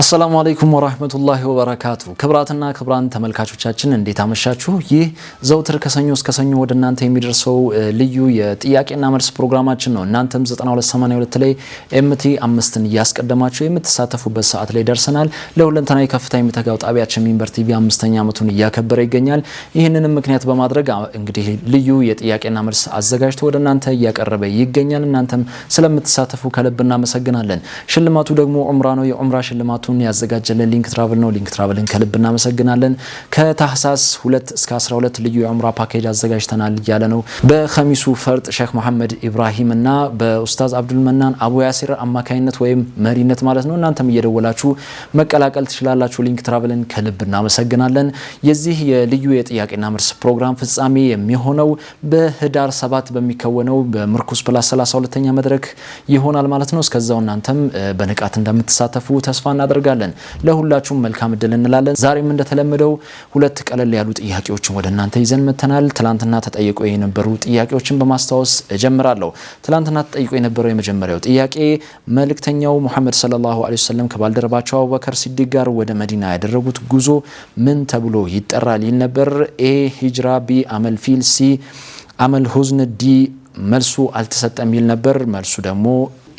አሰላሙ አለይኩም ወራህመቱላሂ ወበረካቱ። ክብራትና ክብራን ተመልካቾቻችን እንዴት አመሻችሁ? ይህ ዘውትር ከሰኞ እስከ ሰኞ ወደ እናንተ የሚደርሰው ልዩ የጥያቄና መልስ ፕሮግራማችን ነው። እናንተም 9282 ላይ ኤምቲ አምስትን እያስቀደማችሁ የምትሳተፉበት ሰዓት ላይ ደርሰናል። ለሁለንተናዊ ከፍታ የሚተጋው ጣቢያችን ሚንበር ቲቪ አምስተኛ ዓመቱን እያከበረ ይገኛል። ይህንንም ምክንያት በማድረግ እንግዲህ ልዩ የጥያቄና መልስ አዘጋጅቶ ወደ እናንተ እያቀረበ ይገኛል። እናንተም ስለምትሳተፉ ከልብ እናመሰግናለን። ሽልማቱ ደግሞ ዑምራ ነው። የዑምራ ሽልማቱ ጥናቱን ያዘጋጀልን ሊንክ ትራቭል ነው። ሊንክ ትራቭልን ከልብ እናመሰግናለን። ከታህሳስ 2 እስከ 12 ልዩ የዑምራ ፓኬጅ አዘጋጅተናል እያለ ነው። በከሚሱ ፈርጥ ሼክ መሐመድ ኢብራሂም እና በኡስታዝ አብዱልመናን አቡ ያሲር አማካኝነት ወይም መሪነት ማለት ነው። እናንተም እየደወላችሁ መቀላቀል ትችላላችሁ። ሊንክ ትራቭልን ከልብ እናመሰግናለን። የዚህ የልዩ የጥያቄና መልስ ፕሮግራም ፍጻሜ የሚሆነው በህዳር ሰባት በሚከወነው በምርኩስ ፕላስ 32ኛ መድረክ ይሆናል ማለት ነው። እስከዛው እናንተም በንቃት እንደምትሳተፉ ተስፋ እናደርጋለን። እናደርጋለን። ለሁላችሁም መልካም እድል እንላለን። ዛሬም እንደተለመደው ሁለት ቀለል ያሉ ጥያቄዎችን ወደ እናንተ ይዘን መተናል። ትላንትና ተጠይቆ የነበሩ ጥያቄዎችን በማስታወስ እጀምራለሁ። ትላንትና ተጠይቆ የነበረው የመጀመሪያው ጥያቄ መልእክተኛው ሙሐመድ ሰለላሁ ዐለይሂ ወሰለም ከባልደረባቸው አቡበከር ሲዲቅ ጋር ወደ መዲና ያደረጉት ጉዞ ምን ተብሎ ይጠራል? ይል ነበር። ኤ ሂጅራ፣ ቢ አመል ፊል፣ ሲ አመል ሁዝን፣ ዲ መልሱ አልተሰጠም ይል ነበር። መልሱ ደግሞ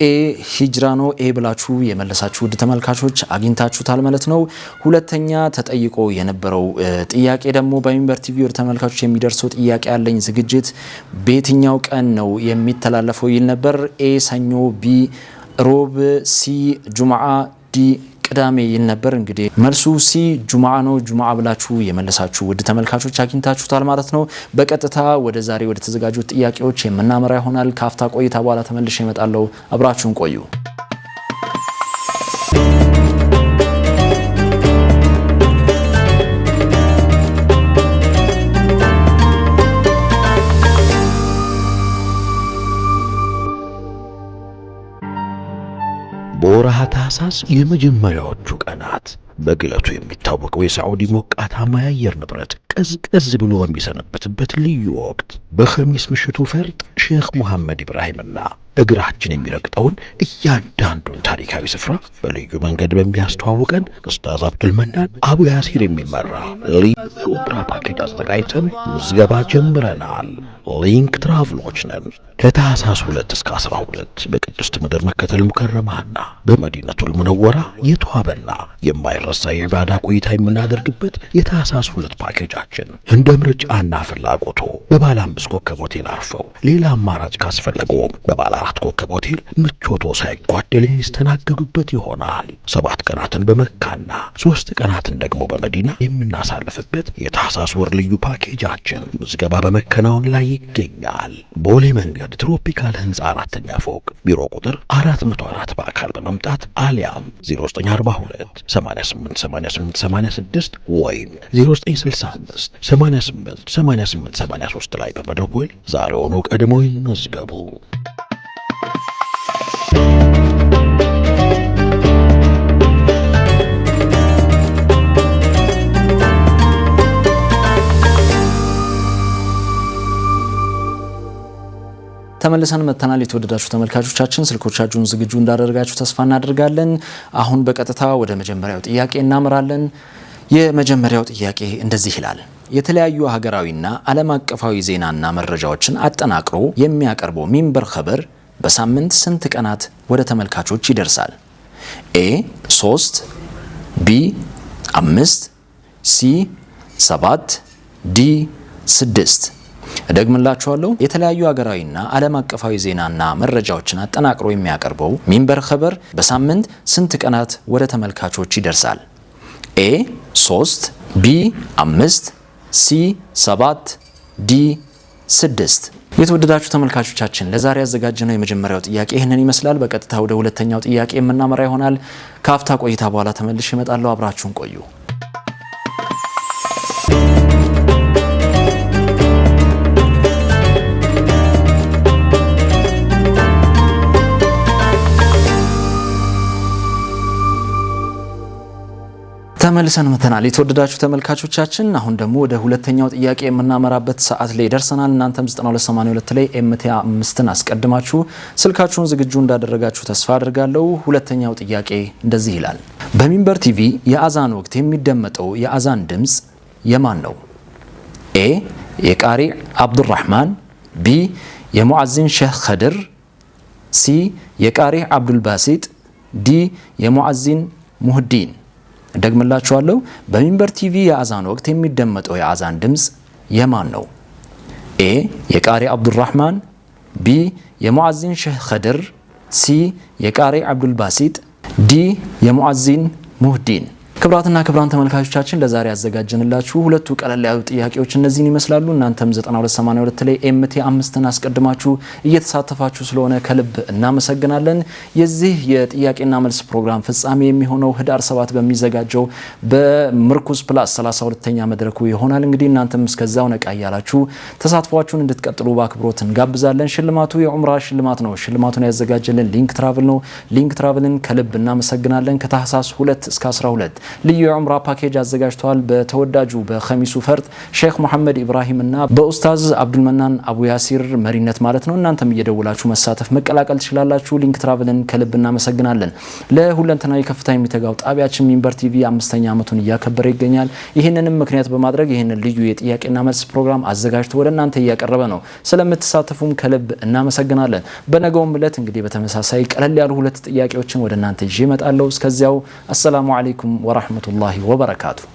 ኤ ሂጅራ ነው ኤ ብላችሁ የመለሳችሁ ውድ ተመልካቾች አግኝታችሁታል ማለት ነው። ሁለተኛ ተጠይቆ የነበረው ጥያቄ ደግሞ በሚንበር ቲቪ ወደ ተመልካቾች የሚደርሰው ጥያቄ ያለኝ ዝግጅት በየትኛው ቀን ነው የሚተላለፈው ይል ነበር። ኤ ሰኞ፣ ቢ ሮብ፣ ሲ ጁምዓ፣ ዲ ቅዳሜ ይል ነበር። እንግዲህ መልሱ ሲ ጁምዓ ነው። ጁማ ብላችሁ የመለሳችሁ ውድ ተመልካቾች አግኝታችሁታል ማለት ነው። በቀጥታ ወደ ዛሬ ወደ ተዘጋጁት ጥያቄዎች የምናመራ ይሆናል። ከአፍታ ቆይታ በኋላ ተመልሼ እመጣለሁ። አብራችሁን ቆዩ። በወርሃ ታሳስ የመጀመሪያዎቹ ቀናት በግለቱ የሚታወቀው የሳዑዲ ሞቃታማ የአየር ንብረት ቀዝቀዝ ብሎ በሚሰነበትበት ልዩ ወቅት በኸሚስ ምሽቱ ፈርጥ ሼክ ሙሐመድ ኢብራሂምና እግራችን የሚረግጠውን እያንዳንዱን ታሪካዊ ስፍራ በልዩ መንገድ በሚያስተዋውቀን ኡስታዝ አብዱልመናን አቡ ያሲር የሚመራ ልዩ ብራ ፓኬጅ አዘጋጅተን ምዝገባ ጀምረናል። ሊንክ ትራቭሎች ነን። ከታህሳስ ሁለት እስከ አስራ ሁለት በቅድስት ምድር መከተል ሙከረማና በመዲነቱል ሙነወራ የተዋበና የማይ የማይረሳ የኢባዳ ቆይታ የምናደርግበት የታህሳስ ሁለት ፓኬጃችን እንደ ምርጫና ፍላጎቶ በባለ አምስት ኮከብ ሆቴል አርፈው ሌላ አማራጭ ካስፈለገው በባለ አራት ኮከብ ሆቴል ምቾቶ ሳይጓደል የሚስተናገዱበት ይሆናል። ሰባት ቀናትን በመካና ሶስት ቀናትን ደግሞ በመዲና የምናሳልፍበት የታህሳስ ወር ልዩ ፓኬጃችን ምዝገባ በመከናወን ላይ ይገኛል። ቦሌ መንገድ ትሮፒካል ህንፃ አራተኛ ፎቅ ቢሮ ቁጥር አራት መቶ አራት በአካል በመምጣት አሊያም 0942 8886 ወይም 0965 88 88 ላይ በመደወል ዛሬውኑ ቀድሞ ይመዝገቡ። ተመልሰን መተናል። የተወደዳችሁ ተመልካቾቻችን ስልኮቻችሁን ዝግጁ እንዳደረጋችሁ ተስፋ እናደርጋለን። አሁን በቀጥታ ወደ መጀመሪያው ጥያቄ እናምራለን የመጀመሪያው ጥያቄ እንደዚህ ይላል። የተለያዩ ሀገራዊና ዓለም አቀፋዊ ዜናና መረጃዎችን አጠናቅሮ የሚያቀርበው ሚንበር ኸበር በሳምንት ስንት ቀናት ወደ ተመልካቾች ይደርሳል? ኤ 3፣ ቢ 5፣ ሲ 7፣ ዲ 6 እደግምላችኋለሁ። የተለያዩ ሀገራዊና ዓለም አቀፋዊ ዜናና መረጃዎችን አጠናቅሮ የሚያቀርበው ሚንበር ኸበር በሳምንት ስንት ቀናት ወደ ተመልካቾች ይደርሳል? ኤ 3 ቢ 5 ሲ 7 ዲ 6 የተወደዳችሁ ተመልካቾቻችን ለዛሬ ያዘጋጀነው የመጀመሪያው ጥያቄ ይህንን ይመስላል። በቀጥታ ወደ ሁለተኛው ጥያቄ የምናመራ ይሆናል። ከአፍታ ቆይታ በኋላ ተመልሼ እመጣለሁ። አብራችሁን ቆዩ። ተመልሰን መተናል። የተወደዳችሁ ተመልካቾቻችን አሁን ደግሞ ወደ ሁለተኛው ጥያቄ የምናመራበት ሰዓት ላይ ደርሰናል። እናንተም 9282 ላይ ኤምቲ አምስትን አስቀድማችሁ ስልካችሁን ዝግጁ እንዳደረጋችሁ ተስፋ አድርጋለሁ። ሁለተኛው ጥያቄ እንደዚህ ይላል። በሚንበር ቲቪ የአዛን ወቅት የሚደመጠው የአዛን ድምፅ የማን ነው? ኤ የቃሪ አብዱራህማን፣ ቢ የሙዓዚን ሼህ ከድር፣ ሲ የቃሪ አብዱልባሲጥ፣ ዲ የሙዓዚን ሙህዲን እደግምላችኋለሁ። በሚንበር ቲቪ የአዛን ወቅት የሚደመጠው የአዛን ድምፅ የማን ነው? ኤ የቃሪ አብዱራህማን፣ ቢ የሙዓዚን ሸህ ኸድር፣ ሲ የቃሪ አብዱልባሲጥ፣ ዲ የሙዓዚን ሙህዲን ክብራትና ክብራን ተመልካቾቻችን ለዛሬ ያዘጋጀንላችሁ ሁለቱ ቀለል ያሉ ጥያቄዎች እነዚህን ይመስላሉ። እናንተም 9282 ላይ ኤምቲ አምስትን አስቀድማችሁ እየተሳተፋችሁ ስለሆነ ከልብ እናመሰግናለን። የዚህ የጥያቄና መልስ ፕሮግራም ፍጻሜ የሚሆነው ህዳር ሰባት በሚዘጋጀው በምርኩዝ ፕላስ 32ኛ መድረኩ ይሆናል። እንግዲህ እናንተም እስከዛው ነቃ እያላችሁ ተሳትፏችሁን እንድትቀጥሉ በአክብሮት እንጋብዛለን። ሽልማቱ የዑምራ ሽልማት ነው። ሽልማቱን ያዘጋጀልን ሊንክ ትራቭል ነው። ሊንክ ትራቭልን ከልብ እናመሰግናለን። ከታህሳስ 2 እስከ 12 ልዩ የዑምራ ፓኬጅ አዘጋጅተዋል። በተወዳጁ በከሚሱ ፈርጥ ሼክ ሙሐመድ ኢብራሂም እና በኡስታዝ አብዱልመናን አቡ ያሲር መሪነት ማለት ነው። እናንተም እየደውላችሁ መሳተፍ መቀላቀል ትችላላችሁ። ሊንክ ትራቭልን ከልብ እናመሰግናለን። ለሁለንተናዊ ከፍታ የሚተጋው ጣቢያችን ሚንበር ቲቪ አምስተኛ ዓመቱን እያከበረ ይገኛል። ይህንንም ምክንያት በማድረግ ይህንን ልዩ የጥያቄና መልስ ፕሮግራም አዘጋጅቶ ወደ እናንተ እያቀረበ ነው። ስለምትሳተፉም ከልብ እናመሰግናለን። በነገውም እለት እንግዲህ በተመሳሳይ ቀለል ያሉ ሁለት ጥያቄዎችን ወደ እናንተ ይዤ እመጣለሁ። እስከዚያው አሰላሙ አለይኩም ورحمة الله وبركاته